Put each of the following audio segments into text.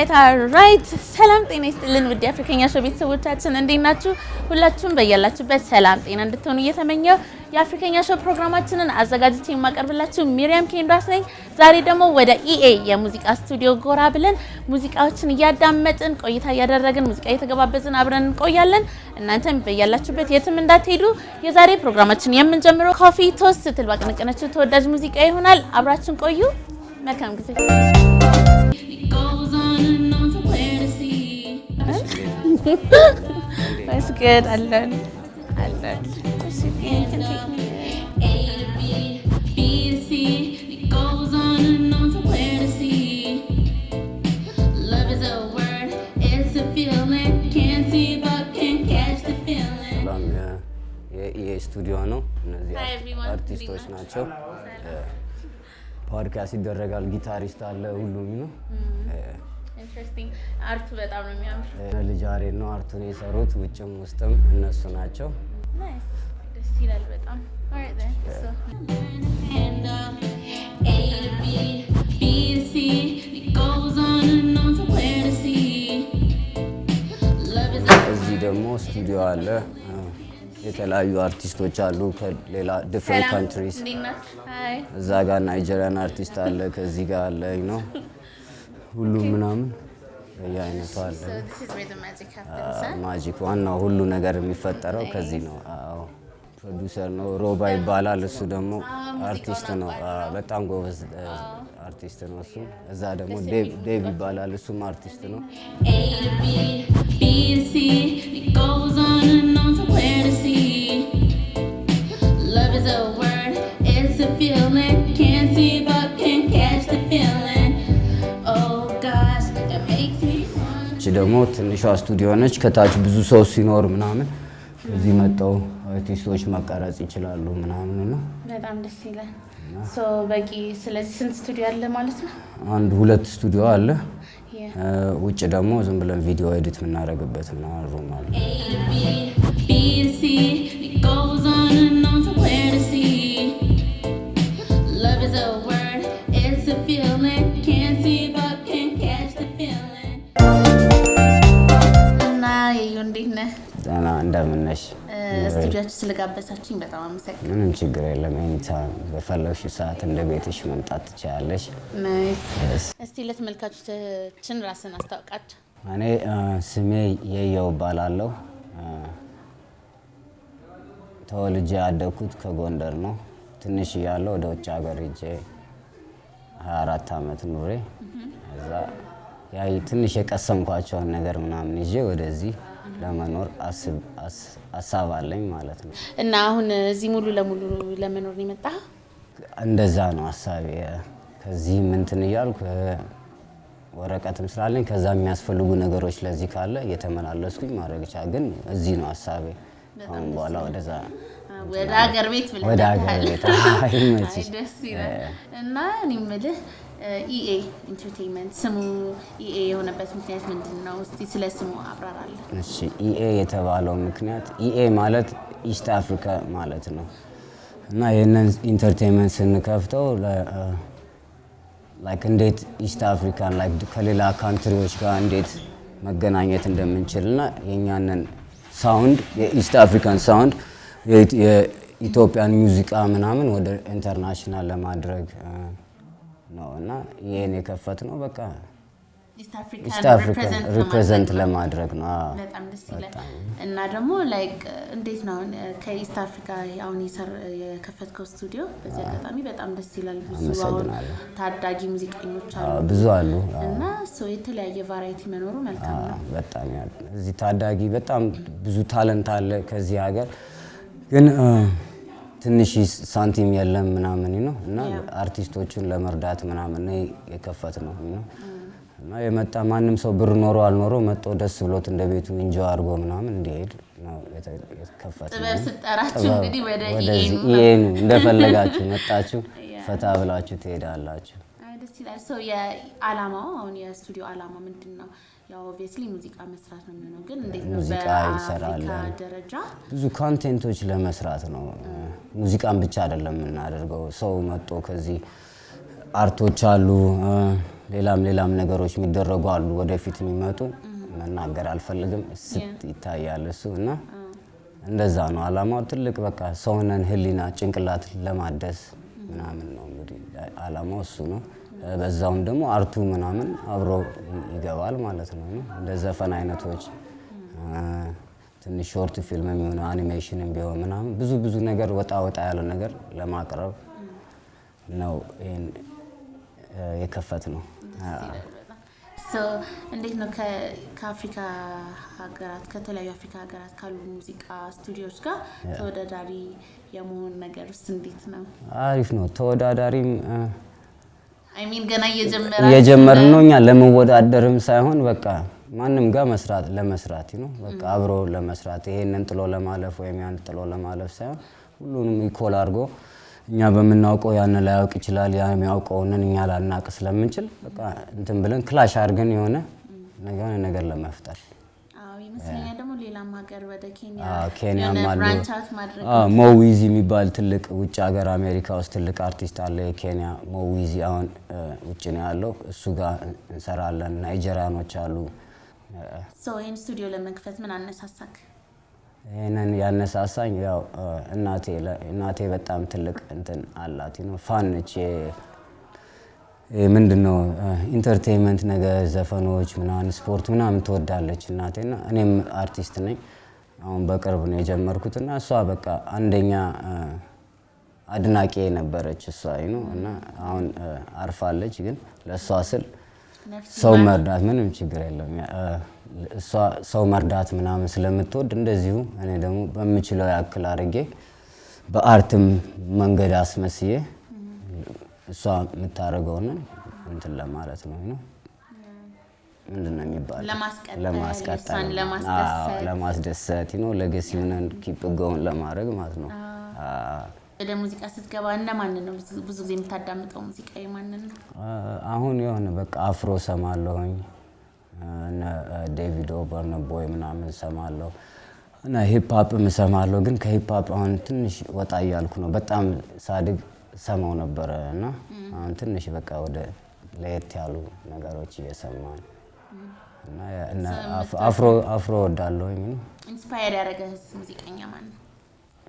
አራይት ኦልራይት። ሰላም ጤና ይስጥልን ውድ የአፍሪከኛ ሾው ቤተሰቦቻችን እንዴት ናችሁ? ሁላችሁም በያላችሁበት ሰላም ጤና እንድትሆኑ እየተመኘው የአፍሪከኛ ሾው ፕሮግራማችንን አዘጋጅቼ የማቀርብላችሁ ሚሪያም ኬንዷስ ነኝ። ዛሬ ደግሞ ወደ ኢኤ የሙዚቃ ስቱዲዮ ጎራ ብለን ሙዚቃዎችን እያዳመጥን ቆይታ እያደረግን ሙዚቃ እየተገባበዝን አብረን እንቆያለን። እናንተም በያላችሁበት የትም እንዳትሄዱ። የዛሬ ፕሮግራማችን የምንጀምረው ኮፊ ቶስት ስትል ባቀነቀነችው ተወዳጅ ሙዚቃ ይሆናል። አብራችን ቆዩ። መልካም ጊዜ That's good. I learned. I learned. You can take me. ስቱዲዮ ነው። እነዚህ አርቲስቶች ናቸው። ፓድካስት ይደረጋል። ጊታሪስት አለ። ሁሉም ነው። አርቱ በጣም ነው የሚያምር። ልጅ ነው አርቱን የሰሩት ውጭም ውስጥም እነሱ ናቸው። ደስ ይላል በጣም እዚህ ደግሞ ስቱዲዮ አለ። የተለያዩ አርቲስቶች አሉ ከሌላ ዲፍረንት ካንትሪስ። እዛ ጋር ናይጀሪያን አርቲስት አለ፣ ከዚህ ጋር አለ ነው ሁሉም ምናምን በየአይነቱ አለ። ማጂክ ዋናው ሁሉ ነገር የሚፈጠረው ከዚህ ነው። ፕሮዲሰር ነው ሮባ ይባላል። እሱ ደግሞ ah, አርቲስት ነው፣ በጣም ጎበዝ oh. አርቲስት ነው እሱ። እዛ ደግሞ ዴቭ ይባላል፣ እሱም አርቲስት ነው። ደግሞ ትንሿ ስቱዲዮ ነች። ከታች ብዙ ሰው ሲኖር ምናምን እዚህ መጠው አርቲስቶች መቀረጽ ይችላሉ ምናምን ነው። በጣም ደስ ይላል። በቂ ስለዚህ ስንት ስቱዲዮ አለ ማለት ነው? አንድ ሁለት ስቱዲዮ አለ። ውጭ ደግሞ ዝም ብለን ቪዲዮ ኤዲት የምናደርግበት ምናምን ሩም አለ። እንደምን ነሽ? ስቱዲያችሁ ስለጋበዛችሁኝ በጣም አመሰግናለሁ። ምንም ችግር የለም። ኤኒታይም በፈለግሽው ሰዓት እንደ ቤትሽ መምጣት ትችላለሽ። እስቲ ለተመልካቾቻችን ራስን አስታውቃቸው። እኔ ስሜ የየው እባላለሁ። ተወልጄ ያደግኩት ከጎንደር ነው። ትንሽ እያለሁ ወደ ውጭ ሀገር ሄጄ 24 ዓመት ኑሬ እዛ ትንሽ የቀሰምኳቸውን ነገር ምናምን ይዤ ወደዚህ ለመኖር አሳብ አለኝ ማለት ነው። እና አሁን እዚህ ሙሉ ለሙሉ ለመኖር ነው የመጣ እንደዛ ነው ሀሳቤ። ከዚህ ምንትን እያልኩ ወረቀትም ስላለኝ ከዛ የሚያስፈልጉ ነገሮች ለዚህ ካለ እየተመላለስኩኝ ማድረግ ቻ ግን እዚህ ነው ሀሳቤ። አሁን በኋላ ወደዛ ወደ ሀገር ቤት ብለህ ወደ ሀገር ቤት ደስ ይላል እና እኔ የምልህ ኢኤ ኢንተርቴንመንት ስሙ ኢኤ የሆነበት ምክንያት ምንድን ነው? እስቲ ስለ ስሙ አብራራለን። እሺ ኢኤ የተባለው ምክንያት ኢኤ ማለት ኢስት አፍሪካ ማለት ነው እና ይህንን ኢንተርቴንመንት ስንከፍተው ላይክ እንዴት ኢስት አፍሪካን ላይክ ከሌላ ካንትሪዎች ጋር እንዴት መገናኘት እንደምንችል እና የእኛንን ሳውንድ የኢስት አፍሪካን ሳውንድ የኢትዮጵያን ሙዚቃ ምናምን ወደ ኢንተርናሽናል ለማድረግ ነው እና ይህን የከፈት ነው በቃ ኢስት አፍሪካ ሪፕሬዘንት ለማድረግ ነው። በጣም ደስ ይላል። እና ደግሞ ላይክ እንዴት ነው ከኢስት አፍሪካ አሁን የከፈትከው ስቱዲዮ በዚህ አጋጣሚ በጣም ደስ ይላል። ብዙ አሁን ታዳጊ ሙዚቀኞች አሉ፣ ብዙ አሉ እና የተለያየ ቫራይቲ መኖሩ መልካም ነው። በጣም እዚህ ታዳጊ በጣም ብዙ ታለንት አለ ከዚህ ሀገር ግን ትንሽ ሳንቲም የለም ምናምን ነው እና አርቲስቶችን ለመርዳት ምናምን የከፈት ነው እና የመጣ ማንም ሰው ብር ኖሮ አልኖሮ መጦ ደስ ብሎት እንደ ቤቱ እንጆ አድርጎ ምናምን እንዲሄድ ነው የተከፈተ። እንደፈለጋችሁ መጣችሁ ፈታ ብላችሁ ትሄዳላችሁ። ደስ ይላል። ሰው የአላማው አሁን የስቱዲዮ አላማ ምንድን ነው? ያው ኦብቪየስሊ ሙዚቃ መስራት ነው የሚሆነው። ግን እንዴት ነው ይሰራል? ደረጃ ብዙ ኮንቴንቶች ለመስራት ነው። ሙዚቃን ብቻ አይደለም የምናደርገው። ሰው መጦ ከዚህ አርቶች አሉ፣ ሌላም ሌላም ነገሮች የሚደረጉ አሉ፣ ወደፊት የሚመጡ መናገር አልፈልግም። ስት ይታያል እሱ እና እንደዛ ነው አላማው። ትልቅ በቃ ሰውነን ህሊና ጭንቅላት ለማደስ ምናምን ነው እንግዲህ አላማው እሱ ነው። በዛውም ደግሞ አርቱ ምናምን አብሮ ይገባል ማለት ነው። እንደ ዘፈን አይነቶች ትንሽ ሾርት ፊልም የሚሆነ አኒሜሽንም ቢሆን ምናምን ብዙ ብዙ ነገር ወጣ ወጣ ያለ ነገር ለማቅረብ ነው ይህን የከፈት ነው። እንዴት ነው ከአፍሪካ ሀገራት ከተለያዩ አፍሪካ ሀገራት ካሉ ሙዚቃ ስቱዲዮዎች ጋር ተወዳዳሪ የመሆን ነገር ውስጥ እንዴት ነው? አሪፍ ነው ተወዳዳሪም እየጀመርን ነው እኛ ለመወዳደርም ሳይሆን በቃ ማንም ጋር መስራት ለመስራት ነው። በቃ አብሮ ለመስራት ይሄንን ጥሎ ለማለፍ ወይም ያን ጥሎ ለማለፍ ሳይሆን ሁሉንም ኢኮል አድርጎ እኛ በምናውቀው ያን ላያውቅ ይችላል፣ ያ የሚያውቀውንን እኛ ላናቅ ስለምንችል በቃ እንትን ብለን ክላሽ አድርገን የሆነ ነገር ለመፍጠር ይመስለኛል። ደግሞ ሌላም ሀገር ወደ ኬንያ ሞዊዚ የሚባል ትልቅ ውጭ ሀገር አሜሪካ ውስጥ ትልቅ አርቲስት አለ። የኬንያ ሞዊዚ አሁን ውጭ ነው ያለው። እሱ ጋር እንሰራለን። ናይጀሪያኖች አሉ። ይህን ስቱዲዮ ለመክፈት ምን አነሳሳክ? ይህንን ያነሳሳኝ ያው እናቴ በጣም ትልቅ እንትን አላት ፋን ነች ምንድን ነው ኢንተርቴንመንት ነገር ዘፈኖች ምናምን ስፖርት ምናምን ትወዳለች እናቴና እኔም አርቲስት ነኝ። አሁን በቅርብ ነው የጀመርኩት እና እሷ በቃ አንደኛ አድናቂ ነበረች እሷ ይኑ እና አሁን አርፋለች። ግን ለእሷ ስል ሰው መርዳት ምንም ችግር የለም። እሷ ሰው መርዳት ምናምን ስለምትወድ እንደዚሁ እኔ ደግሞ በምችለው ያክል አድርጌ በአርትም መንገድ አስመስዬ እሷ የምታደርገውና እንትን ለማለት ነው ነው ምንድን ነው የሚባለው? ለማስቀጠል ለማስደሰት ነው ለገስ ሆነን ኪፕ ጎን ለማድረግ ማለት ነው። ወደ ሙዚቃ ስትገባ ማንን ነው ብዙ ጊዜ የምታዳምጠው? ሙዚቃ ማንን ነው? አሁን የሆነ በቃ አፍሮ ሰማለሁኝ፣ ዴቪድ ኦበርን ቦይ ምናምን ሰማለሁ እና ሂፕ ሆፕም እሰማለሁ። ግን ከሂፕ ሆፕ አሁን ትንሽ ወጣ እያልኩ ነው በጣም ሳድግ ሰማው ነበረ እና አሁን ትንሽ በቃ ወደ ለየት ያሉ ነገሮች እየሰማን እና አፍሮ ወዳለሁኝ። ኢንስፓየር ያደረገህ ሙዚቀኛ ማን ነው?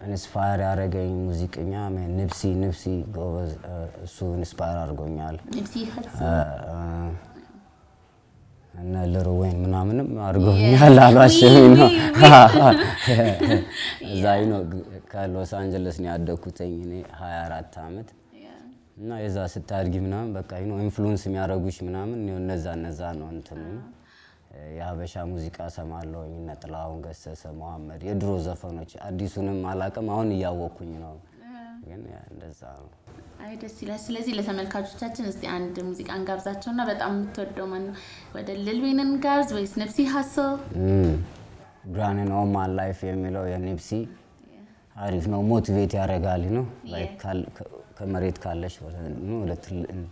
ኢንስፓየር ያደረገኝ ሙዚቀኛ ንብሲ ንብሲ ጎበዝ፣ እሱ ኢንስፓየር አድርጎኛል። እነ ልርዌን ምናምንም አድርጎኛል። አሏሽ ነው እዛ ነው ከሎስ አንጀለስ ነው ያደግኩትኝ እኔ 24 ዓመት እና የዛ ስታድጊ ምናምን በቃ ይኖ ኢንፍሉዌንስ የሚያደርጉሽ ምናምን እነዛ እነዛ ነው እንትኑ የሀበሻ ሙዚቃ ሰማለሁኝ እነ ጥላሁን ገሰሰ፣ መሐመድ የድሮ ዘፈኖች አዲሱንም አላቅም አሁን እያወቅኩኝ ነው። ግን እንደዛ ነው። አይ ደስ ይላል። ስለዚህ ለተመልካቾቻችን እስቲ አንድ ሙዚቃ እንጋብዛቸውና በጣም የምትወደው ማን ነው? ወደ ልልቤን እንጋብዝ ወይስ ነፍሲ ሀሶ ግራኒን ኦን ላይፍ የሚለው የኒፕሲ አሪፍ ነው፣ ሞቲቬት ያደርጋል ነው ከመሬት ካለሽ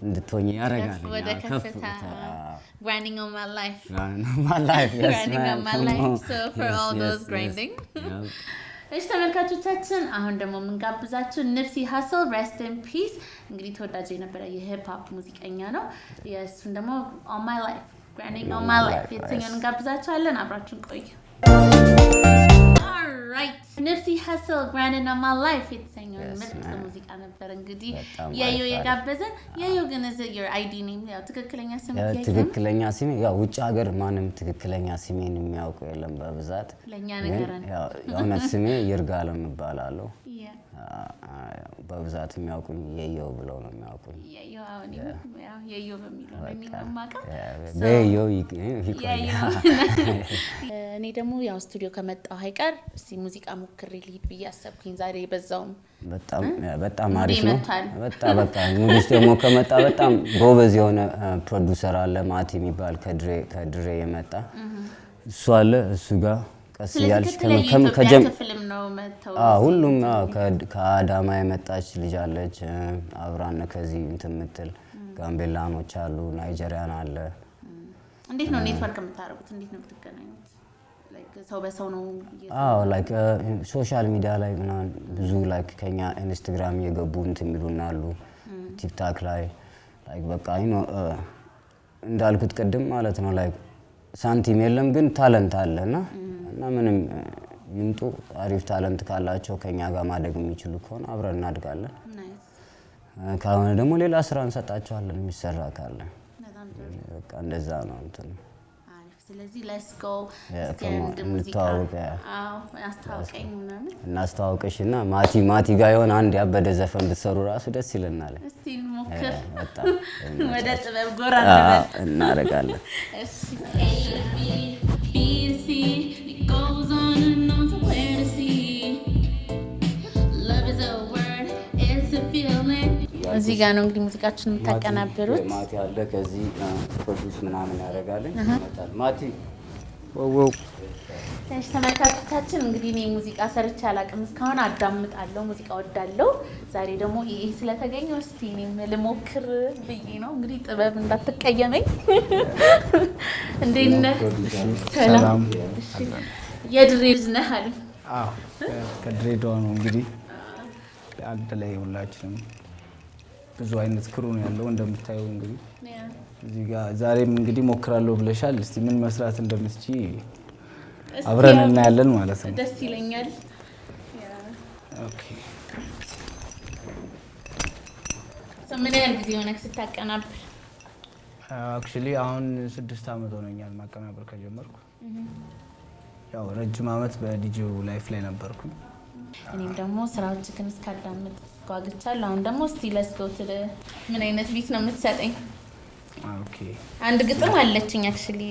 እንድትሆኝ ያደርጋል። እሺ ተመልካቾቻችን፣ አሁን ደግሞ የምንጋብዛችሁ ንፍሲ ሀስል ሬስት ኢን ፒስ እንግዲህ ተወዳጅ የነበረ የሂፕ ሙዚቀኛ ነው። የእሱን ደግሞ ኦን ማይ ላይፍ ግራይንዲንግ ኦን ማይ ላይፍ የተሰኘውን እንጋብዛችኋለን። አብራችሁን ቆዩ። ኦልራይት ንፍሲ ሀሰል ግራንድ ኦን ላይፍ የተሰኘው ምርጥ ሙዚቃ ነበር። እንግዲህ ያዩ የጋበዘን ያዩ ግን እዚ ዮር አይዲ ኔም ያው ትክክለኛ ስም ትክክለኛ ስሜ ያው ውጭ ሀገር ማንም ትክክለኛ ስሜን የሚያውቁ የለም በብዛት ትክክለኛ ነገር ያው እውነት ስሜ ይርጋለም እባላለሁ። በብዛት የሚያውቁኝ የየው ብለው ነው የሚያውቁኝ። እኔ ደግሞ ያው ስቱዲዮ ከመጣሁ አይቀር እስኪ ሙዚቃ ሞክሬ ልሂድ ብዬ አሰብኩኝ ዛሬ። በዛውም በጣም አሪፍ ነው። በጣም በቃ ሙዲስ ደግሞ ከመጣ በጣም ጎበዝ የሆነ ፕሮዲውሰር አለ ማት የሚባል ከድሬ የመጣ እሱ አለ እሱ ጋር ቀስ እያልሽ ሁሉም ከአዳማ የመጣች ልጅ አለች። አብራነ ከዚህ እንትን የምትል ጋምቤላኖች አሉ፣ ናይጀሪያን አለ። እንዴት ነው ኔትወርክ የምታደርጉት? እንዴት ነው የምትገናኙት? ሰው በሰው ነው። ላይክ ሶሻል ሚዲያ ላይ ምናምን ብዙ ላይክ ከኛ ኢንስትግራም የገቡ እንትን የሚሉና አሉ፣ ቲክታክ ላይ ላይክ በቃ እንዳልኩት ቅድም ማለት ነው ላይክ ሳንቲም የለም ግን ታለንት አለ እና ምንም ይምጡ አሪፍ ታለንት ካላቸው ከኛ ጋር ማደግ የሚችሉ ከሆነ አብረን እናድጋለን። ካልሆነ ደግሞ ሌላ ስራ እንሰጣቸዋለን የሚሰራ ካለ በቃ እንደዛ ነው እንትን ስለዚህ ለስጎ እናስተዋውቅሽ እና ማቲ ማቲ ጋር የሆነ አንድ ያበደ ዘፈን ብትሰሩ ራሱ ደስ ይለናል። ወደ ጥበብ ጎራ እናደርጋለን። እዚህ ጋር ነው እንግዲህ ሙዚቃችን የምታቀናብሩት። ማቲ አለ ከዚህ ፕሮዲስ ምናምን ያደርጋለኝ ይመጣል። ማቲ ወው ተመልካቾቻችን እንግዲህ እኔ ሙዚቃ ሰርቼ አላውቅም እስካሁን፣ አዳምጣለሁ፣ ሙዚቃ ወዳለሁ። ዛሬ ደግሞ ይሄ ስለተገኘ እስቲ እኔም ልሞክር ብዬ ነው። እንግዲህ ጥበብ እንዳትቀየመኝ። እንዴት ነህ? ሰላም። የድሬ ልጅ ነህ አሉ? ከድሬዳዋ ነው እንግዲህ አንድ ላይ ሁላችንም ብዙ አይነት ክሩ ነው ያለው እንደምታየው። እንግዲህ እዚህ ጋር ዛሬም እንግዲህ ሞክራለሁ ብለሻል። እስቲ ምን መስራት እንደምትች አብረን እናያለን ማለት ነው። ደስ ይለኛል። ምን ያህል ጊዜ ሆነ ስታቀናብር? አክቹሊ አሁን ስድስት አመት ሆነኛል ማቀናበር ከጀመርኩ። ያው ረጅም አመት በዲጂው ላይፍ ላይ ነበርኩኝ። እኔም ደግሞ ስራዎችህን እስካዳምጥ ጓግቻለሁ። አሁን ደግሞ እስቲ ለስቶት ምን አይነት ቢት ነው የምትሰጠኝ? Ah, አንድ ግጥም አለችኝ አክቹዋሊ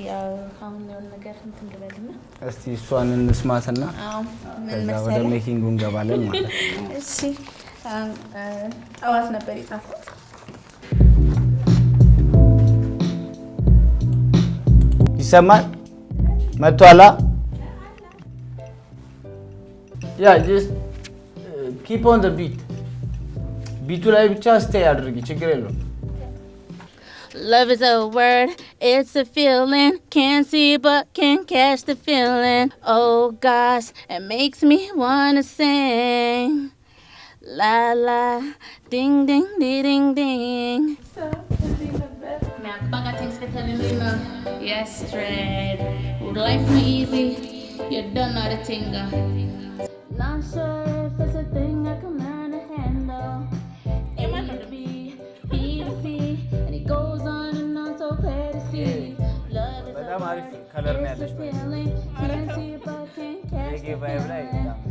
አሁን የሆነ ነገር እንትን ልበልና እስቲ እሷን እንስማትና ከዛ ወደ ሜኪንጉ እንገባለን ማለት ነው። እሺ ጠዋት ነበር የጻፍኩት። ይሰማል መቷላ ያ ጀስት ኪፕ ኦን ዘ ቢት ቢቱ ላይ ብቻ Adrugi. አድርጊ፣ ችግር የለውም። Love is a word, it's a feeling. Can't see but can catch the feeling. Oh gosh, it makes me wanna sing. La la, ding ding ding ding ding. Now, thanks for telling me no. Yes, Fred. Would life be easy? You done all the tinga. Not sure if there's a thing I can learn to handle. A to B, B to C, and it goes on and on so clear to see. Love is a, part, it's a feeling, can't see but can't catch the feeling.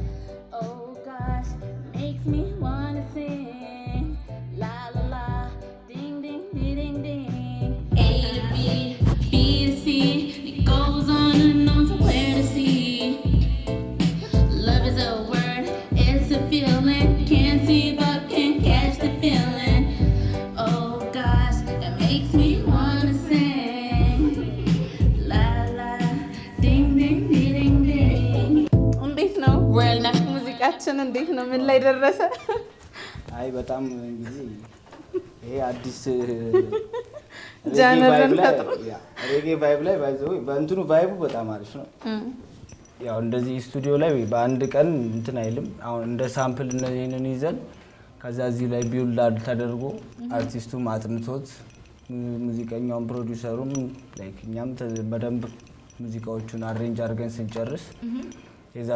እንዴት ነው? ምን ላይ ደረሰ? አይ በጣም እንግዲህ ይሄ አዲስ ጃነርን ፈጥሮ ሬጌ ቫይብ ላይ ባይዘው በእንትኑ ቫይቡ በጣም አሪፍ ነው። ያው እንደዚህ ስቱዲዮ ላይ በአንድ ቀን እንትን አይልም። አሁን እንደ ሳምፕል እነዚህንን ይዘን ከዛ እዚህ ላይ ቢውልድ ተደርጎ አርቲስቱም አጥንቶት ሙዚቀኛውን ፕሮዲውሰሩም ላይክ እኛም በደንብ ሙዚቃዎቹን አሬንጅ አድርገን ስንጨርስ የዛ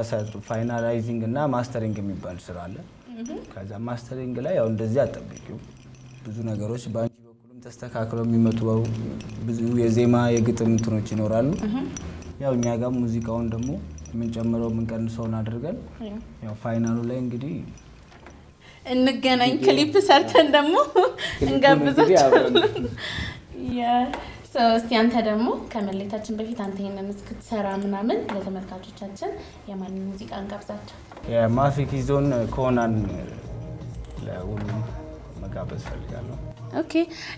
ፋይናላይዚንግ እና ማስተሪንግ የሚባል ስራ አለ። ከዛ ማስተሪንግ ላይ ያው እንደዚህ አጠብቂው ብዙ ነገሮች በአንቺ በኩልም ተስተካክለው የሚመጡ ብዙ የዜማ የግጥም እንትኖች ይኖራሉ። ያው እኛ ጋር ሙዚቃውን ደግሞ የምንጨምረው የምንቀንሰውን አድርገን ያው ፋይናሉ ላይ እንግዲህ እንገናኝ። ክሊፕ ሰርተን ደግሞ እንጋብዛቸዋለን። እስቲ አንተ ደግሞ ከመለየታችን በፊት አንተ ይሄንን እስክትሰራ ምናምን ለተመልካቾቻችን የማንን ሙዚቃ እንጋብዛቸው? የማፊክ ዞን ከሆናን ለሁሉም መጋበዝ ፈልጋለሁ። ኦኬ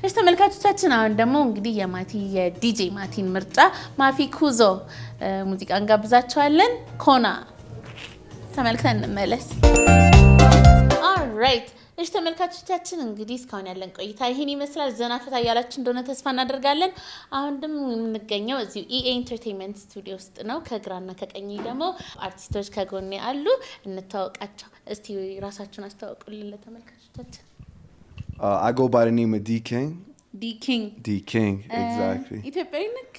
እሽ፣ ተመልካቾቻችን አሁን ደግሞ እንግዲህ የማቲ የዲጄ ማቲን ምርጫ ማፊ ኩዞ ሙዚቃ እንጋብዛቸዋለን። ኮና ተመልክተን እንመለስ። ኦልራይት እሺ ተመልካቾቻችን እንግዲህ እስካሁን ያለን ቆይታ ይህን ይመስላል። ዘና ፈታ እያላችሁ እንደሆነ ተስፋ እናደርጋለን። አሁን ደግሞ የምንገኘው እዚሁ ኢኤ ኢንተርቴንመንት ስቱዲዮ ውስጥ ነው። ከግራና ከቀኝ ደግሞ አርቲስቶች ከጎኔ አሉ። እንተዋወቃቸው እስቲ፣ ራሳችሁን አስተዋውቁልን ለተመልካቾቻችን። አጎ ባርኔ ዲኪንግ ዲኪንግ ዲኪንግ ኤግዛክትሊ ኢትዮጵያዊ ነክ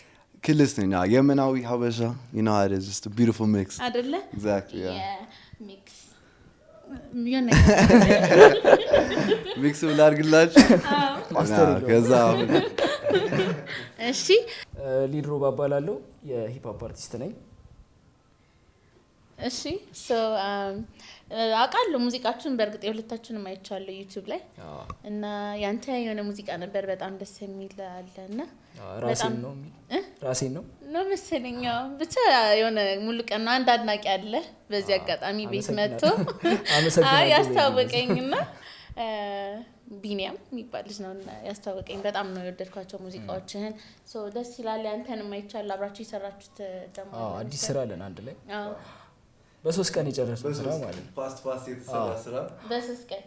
ክልስ ነኝ። የመናዊ ሀበሻ ዩናሃደስ ቢዩቲፉል ሚክስ አደለ? ኤግዛክትሊ ያ ሚክስ ሚክስ ብላርግላችሁ ከዛ እሺ ሊድሮ ባባላለሁ የሂፕ አፕ አርቲስት ነኝ እሺ um, አውቃለሁ። ሙዚቃችሁን በእርግጥ የሁለታችንም አይቻለሁ ዩቱብ ላይ እና ያንተ የሆነ ሙዚቃ ነበር በጣም ደስ የሚል አለ እና ራሴን ነው ነው መሰለኝ ብቻ የሆነ ሙሉ ቀን አንድ አድናቂ አለ። በዚህ አጋጣሚ ቤት መጥቶ ያስታወቀኝ እና ቢኒያም የሚባል ልጅ ነው ያስታወቀኝ። በጣም ነው የወደድኳቸው ሙዚቃዎችህን። ደስ ይላል። ያንተንም አይቻለሁ አብራችሁ የሰራችሁት ደግሞ አዲስ ስራ አለን አንድ ላይ በሶስት ቀን የጨረሰ ስራ ማለት ነው። ፋስት ፋስት የተሰራ ስራ በሶስት ቀን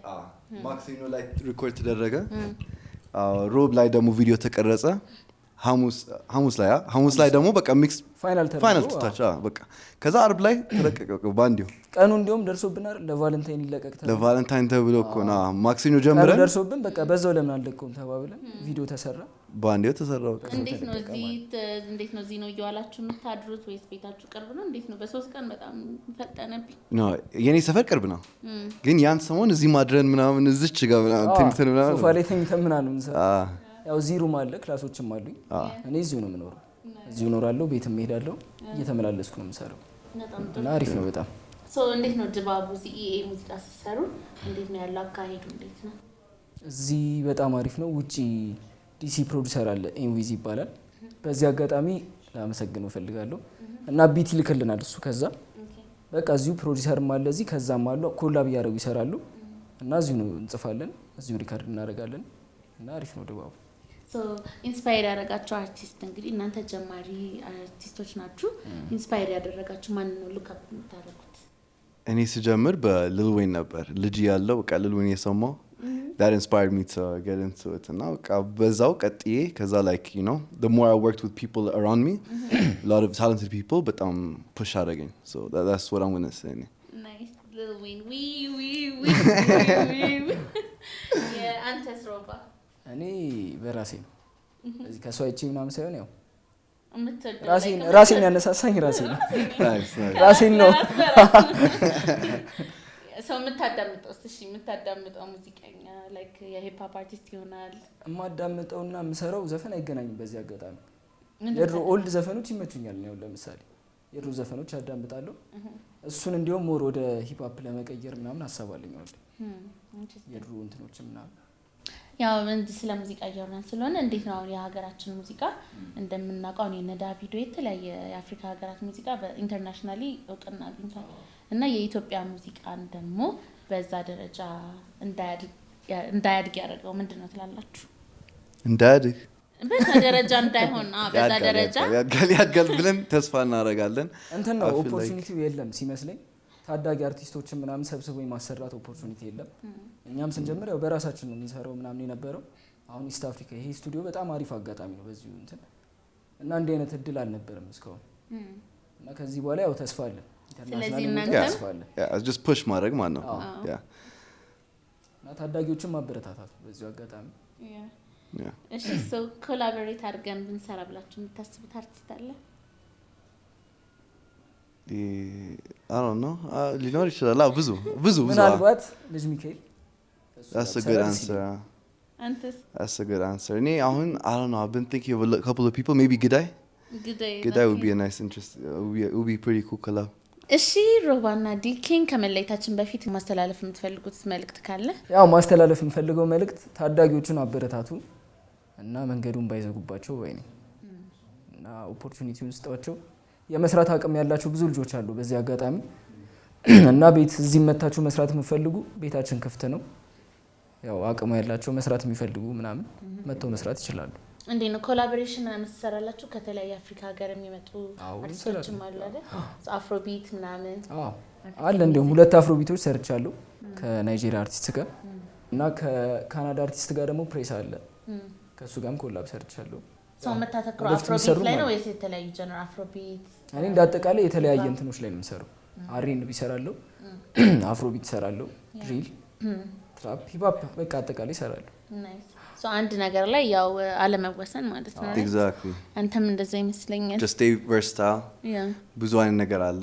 ማክሰኞ ላይ ሪኮርድ ተደረገ። ሮብ ላይ ደግሞ ቪዲዮ ተቀረጸ። ሐሙስ ላይ ሐሙስ ላይ ደግሞ በቃ ሚክስ ፋይናል ትታች በቃ ከዛ አርብ ላይ ተለቀቀ በአንድ ይሁን ቀኑ እንዲሁም ደርሶብን አይደል ለቫለንታይን ይለቀቅ ለቫለንታይን ተብሎ እኮ ና ማክሰኞ ጀምረን ደርሶብን በቃ በዛው ለምን አልለቀውም ተባብለን ቪዲዮ ተሰራ በአንድ ተሰራ። በቃ እንዴት ነው እዚህ ነው ነው እየዋላችሁ የምታድሩት ወይስ ቤታችሁ ቅርብ ነው? እንዴት ነው? በሶስት ቀን በጣም ፈጠነብኝ። የኔ ሰፈር ቅርብ ነው፣ ግን ያን ሰሞን እዚህ ማድረን ምናምን እዚች ጋር ምናምን ተኝተን ምናምን ሶፋ ላይ ተኝተን ምናምን ያው ዚሩም አለ ክላሶችም አሉኝ። እኔ እዚሁ ነው የምኖረው፣ እዚሁ እኖራለሁ፣ ቤትም እሄዳለሁ፣ እየተመላለስኩ ነው የምሰራው እና አሪፍ ነው በጣም። እንዴት ነው ድባቡ ሙዚቃ ስትሰሩ? እንዴት ነው ያለው አካሄዱ? እንዴት ነው እዚህ? በጣም አሪፍ ነው። ውጪ ዲሲ ፕሮዲሰር አለ ኤንቪዚ ይባላል። በዚህ አጋጣሚ ላመሰግነው እፈልጋለሁ እና ቢት ይልክልናል እሱ። ከዛ በቃ እዚሁ ፕሮዲሰርም አለ እዚህ፣ ከዛም አሉ ኮላብ እያደረጉ ይሰራሉ እና እዚሁ ነው እንጽፋለን፣ እዚሁ ሪከርድ እናደርጋለን እና አሪፍ ነው ድባቡ። ኢንስፓየር ያደረጋቸው አርቲስት እንግዲህ እናንተ ጀማሪ አርቲስቶች ናችሁ። ኢንስፓየር ያደረጋችሁ ማን ነው ሉክ የምታደርጉት? እኔ ስጀምር በልልዌን ዌይን ነበር ልጅ ያለው በቃ ልል የሰማው ዳት ሚ ቱ ጌት ኢንቱ ኢት እና በቃ በዛው ቀጥዬ ከዛ ላይክ ዩ ኖ ዘ ሞር አይ ወርክድ ዊዝ ፒፕል አራውንድ ሚ ሎት ኦፍ ታለንትድ ፒፕል በጣም ፑሽ አደረገኝ። ሶ ዳትስ ዋት አም ጎና ሴ እኔ ናይስ ልል ዌይን ዊ ዊ ዊ ዊ ዊ የአንተስ ሮባ እኔ በራሴ ነው እዚህ ከእሷ አይቼ ምናምን ሳይሆን ያው ራሴን ያነሳሳኝ ራሴ ነው ራሴን ነው ሰው የምታዳምጠው እሺ የምታዳምጠው ሙዚቀኛ ላይክ የሂፓፕ አርቲስት ይሆናል የማዳምጠው እና የምሰራው ዘፈን አይገናኝም በዚህ አጋጣሚ የድሮ ኦልድ ዘፈኖች ይመቹኛል ነው ለምሳሌ የድሮ ዘፈኖች አዳምጣለሁ እሱን እንዲሁም ሞር ወደ ሂፓፕ ለመቀየር ምናምን ሀሳብ አለኝ የድሮ እንትኖች ምናምን ያው ስለ ሙዚቃ እያወራን ስለሆነ እንዴት ነው አሁን የሀገራችን ሙዚቃ እንደምናውቀው አሁን የነ ዳቪዶ የተለያየ የአፍሪካ ሀገራት ሙዚቃ በኢንተርናሽናሊ እውቅና አግኝቷል እና የኢትዮጵያ ሙዚቃን ደግሞ በዛ ደረጃ እንዳያድግ ያደረገው ምንድን ነው ትላላችሁ? እንዳያድግ በዛ ደረጃ እንዳይሆን በዛ ደረጃ ያጋል ብለን ተስፋ እናደርጋለን። እንትን ነው ኦፖርቹኒቲው የለም ሲመስለኝ ታዳጊ አርቲስቶችን ምናምን ሰብስቦ የማሰራት ኦፖርቹኒቲ የለም። እኛም ስንጀምር ያው በራሳችን ነው የምንሰራው ምናምን የነበረው። አሁን ኢስት አፍሪካ ይሄ ስቱዲዮ በጣም አሪፍ አጋጣሚ ነው በዚሁ እንትን እና እንዲህ አይነት እድል አልነበረም እስካሁን እና ከዚህ በኋላ ያው ተስፋ አለን። ስለዚህ ፑሽ ማድረግ ማለት ነው እና ታዳጊዎችን ማበረታታት በዚሁ አጋጣሚ እሺ። ኮላቦሬት አድርገን ብንሰራ ብላችሁ የምታስቡት አርቲስት አለ? ሊኖር ይችላል። ብዙ ብዙ ምናልባት ልጅ ሚካኤል እኔ አሁን ግዳይ ግዳይ ክለብ እሺ ሮባና ዲኬን ከመለየታችን በፊት ማስተላለፍ የምትፈልጉት መልእክት ካለ? ያው ማስተላለፍ የምፈልገው መልእክት ታዳጊዎቹን አበረታቱ እና መንገዱን ባይዘጉባቸው ወይ እና ኦፖርቹኒቲውን ስጧቸው። የመስራት አቅም ያላቸው ብዙ ልጆች አሉ። በዚህ አጋጣሚ እና ቤት እዚህ መታችሁ መስራት የምፈልጉ ቤታችን ክፍት ነው። ያው አቅሙ ያላቸው መስራት የሚፈልጉ ምናምን መጥተው መስራት ይችላሉ። እንዴት ነው ኮላቦሬሽን ምናምን ከተለያየ አፍሪካ ሀገር የሚመጡ አርቲስቶችም አሉ አይደል? አፍሮቢት ምናምን አለ። እንዲሁም ሁለት አፍሮቢቶች ሰርቻለሁ ከናይጄሪያ አርቲስት ጋር እና ከካናዳ አርቲስት ጋር ደግሞ ፕሬስ አለ። ከእሱ ጋርም ኮላብ ሰርቻለሁ። ሰው መታተክሮ አፍሮቢት ላይ ነው ወይስ የተለያዩ ጀነር አፍሮቢት እኔ እንዳጠቃላይ የተለያየ እንትኖች ላይ ነው የምሰራው። አሬን ይሰራለሁ፣ አፍሮቢት ይሰራለሁ፣ ድሪል፣ ትራፕ፣ ሂፓፕ በቃ አጠቃላይ ይሰራለሁ። አንድ ነገር ላይ ያው አለመወሰን ማለት ነው። ኤግዛክትሊ አንተም እንደዛ ይመስለኛል። ጀስት ስቴይ ቨርሳታይል ብዙ አይነት ነገር አለ።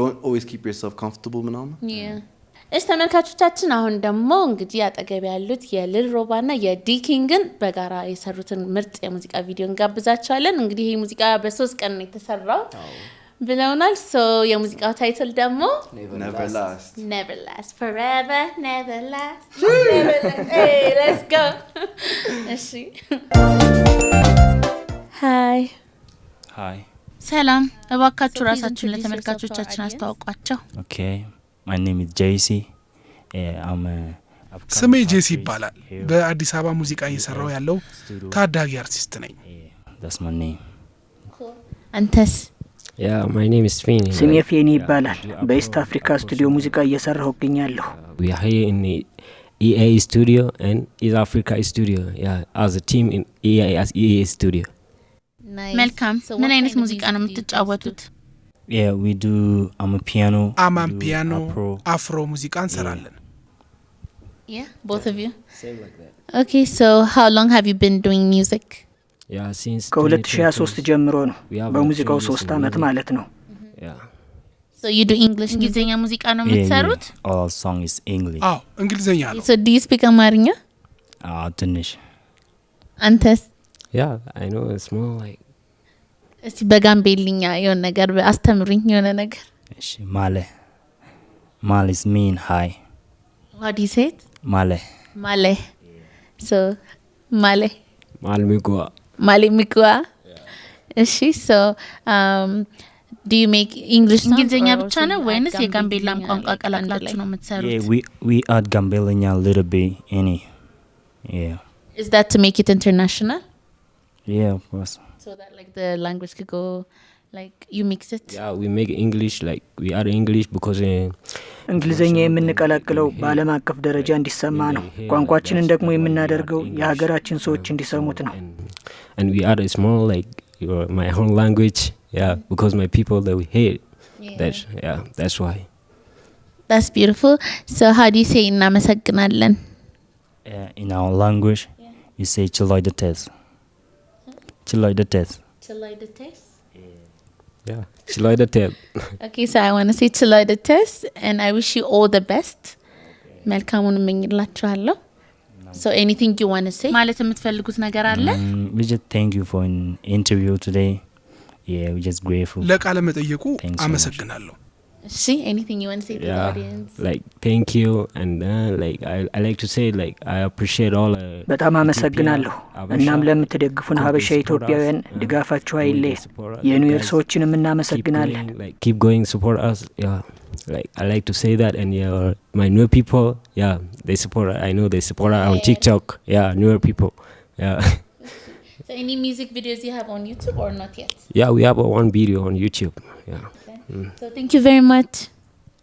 ዶንት ኦልዌይስ ኪፕ ዮርሰልፍ ኮምፎርታብል ምናምን እሺ ተመልካቾቻችን አሁን ደግሞ እንግዲህ አጠገብ ያሉት የልል ሮባና የዲኪንግን በጋራ የሰሩትን ምርጥ የሙዚቃ ቪዲዮ እንጋብዛቸዋለን። እንግዲህ ይህ ሙዚቃ በሶስት ቀን ነው የተሰራው ብለውናል። ሶ የሙዚቃው ታይትል ደግሞ እሺ ሀይ ሀይ፣ ሰላም። እባካችሁ ራሳችሁን ለተመልካቾቻችን አስተዋውቋቸው። ኦኬ Eh, ስሜ ጄሲ ይባላል። በአዲስ አበባ ሙዚቃ እየሰራው ያለው ታዳጊ አርቲስት ነኝ። eh, አንተስ? ስሜ ፌኒ ይባላል። በኢስት አፍሪካ ስቱዲዮ ሙዚቃ እየሰራሁ እገኛለሁ። ኢኤ ስቱዲዮ አፍሪካ ስቱዲዮ ቲም ኢኤ ስቱዲዮ። መልካም። ምን አይነት ሙዚቃ ነው የምትጫወቱት? Yeah, we do. I'm a piano. I'm a piano. Afro, Afro music answer. Yeah. yeah, both of you. Same like that. Okay, so how long have you been doing music? Yeah, since ከ2023 ጀምሮ ነው በሙዚቃው ሶስት አመት ማለት ነው። mm-hmm. So you do English እንግሊዝኛ ሙዚቃ ነው የምትሰሩት? All song is English. አዎ እንግሊዝኛ ነው። So do you speak አማርኛ? አዎ ትንሽ። አንተስ? Yeah, I know it's more like እስቲ በጋምቤልኛ የሆነ ነገር አስተምሩኝ። የሆነ ነገር እሺ። ማለ ማሊስ ሚን ሀይ ዋዲ ሴት ማለ ማለ ሶ ማለ ማልሚጓ ማልሚጓ እሺ። ሶ ዩ ሜክ ኢንግሊሽ እንግሊዝኛ ብቻ ነው ወይንስ የጋምቤላም ቋንቋ ቀላቅላችሁ ነው የምትሰሩት? ዊ አድ ጋምቤልኛ ሊትል ቢ ኤኒ ኢዝ ዳት ቱ ሜክ ኢት ኢንተርናሽናል ያ ኦፍ ኮርስ so that like the language could go like you mix it yeah we make english like we are english because uh, eh, እንግሊዝኛ eh, የምንቀላቅለው eh, በዓለም አቀፍ ደረጃ እንዲሰማ ነው። ቋንቋችንን ደግሞ የምናደርገው የሀገራችን ሰዎች እንዲሰሙት ነው። and we are small like my own language yeah because my people that we hate yeah. that's yeah that's why that's beautiful so how do you say እናመሰግናለን uh, in our language yeah. you say ችሎይ the chiloy liked the taste. She liked the taste? Yeah, she liked the taste. okay, so I want to say chiloy liked the taste and I wish you all the best. መልካሙን እመኝላችኋለሁ። ሶ ኤኒቲንግ ዩ ዋን ሴ ማለት የምትፈልጉት ነገር አለ? ዊ ጀስት ታንክ ዩ ፎር ኢንተርቪው ቱዴይ ዊ ጀስት ግሬትፉል ለቃለ መጠየቁ አመሰግናለሁ። See anything you want to say to yeah, the audience? Like thank you and uh, like I, I like to say like I appreciate all uh, በጣም አመሰግናለሁ። እናም ለምትደግፉን ሀበሻ ኢትዮጵያውያን ድጋፋችሁ አይለይ። የኒውዮርክ ሰዎችንም እናመሰግናለን። Keep going support us. Yeah. Like I like to say that and yeah my new people yeah they support I know they support on TikTok. Yeah, newer people. Yeah. so any music videos you have on YouTube or not yet? Yeah, we have one video on YouTube. Yeah. Okay. Mm. So thank you very much.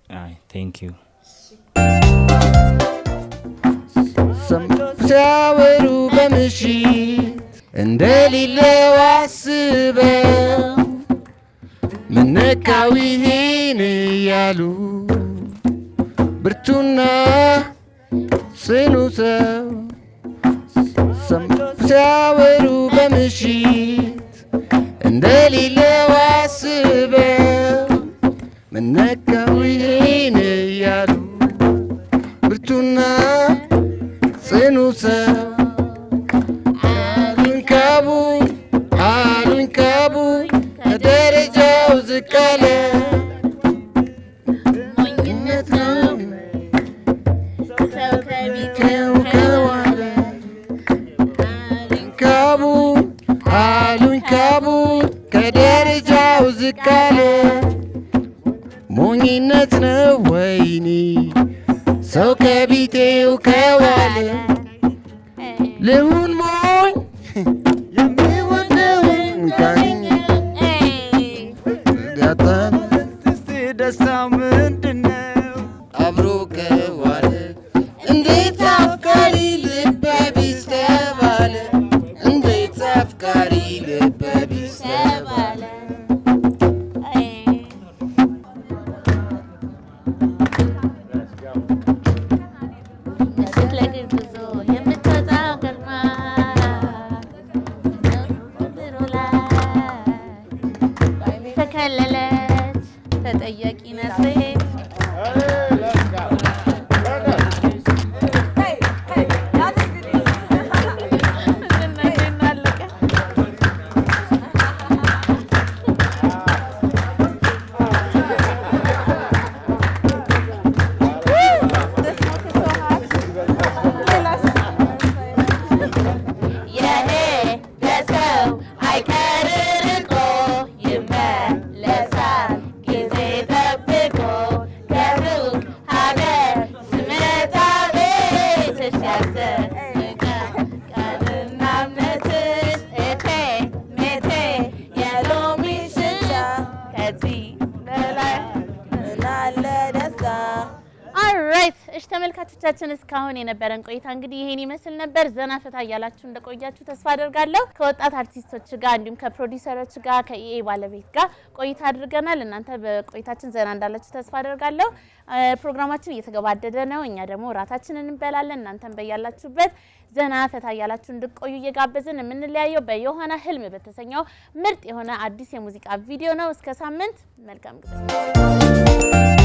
Aye, thank you. ሳወሩ በምሽት እንደሌለው አስበው ምነካው ይሄን እያሉ ብርቱና ጽኑ ሰው ሲያወሩ በምሽት እንደሌለው አስበው መነካው ይሄን እያሉ ብርቱና ጽኑ ሰው አሉኝ ካቡ አሉኝ ካቡ ከደረጃው ዝቃለ ተመልካቾቻችን እስካሁን የነበረን ቆይታ እንግዲህ ይሄን ይመስል ነበር። ዘና ፈታ እያላችሁ እንደቆያችሁ ተስፋ አደርጋለሁ። ከወጣት አርቲስቶች ጋር እንዲሁም ከፕሮዲሰሮች ጋር ከኢኤ ባለቤት ጋር ቆይታ አድርገናል። እናንተ በቆይታችን ዘና እንዳላችሁ ተስፋ አደርጋለሁ። ፕሮግራማችን እየተገባደደ ነው። እኛ ደግሞ እራታችንን እንበላለን። እናንተን በያላችሁበት ዘና ፈታ እያላችሁ እንድቆዩ እየጋበዝን የምንለያየው በዮሐና ህልም በተሰኘው ምርጥ የሆነ አዲስ የሙዚቃ ቪዲዮ ነው። እስከ ሳምንት መልካም ጊዜ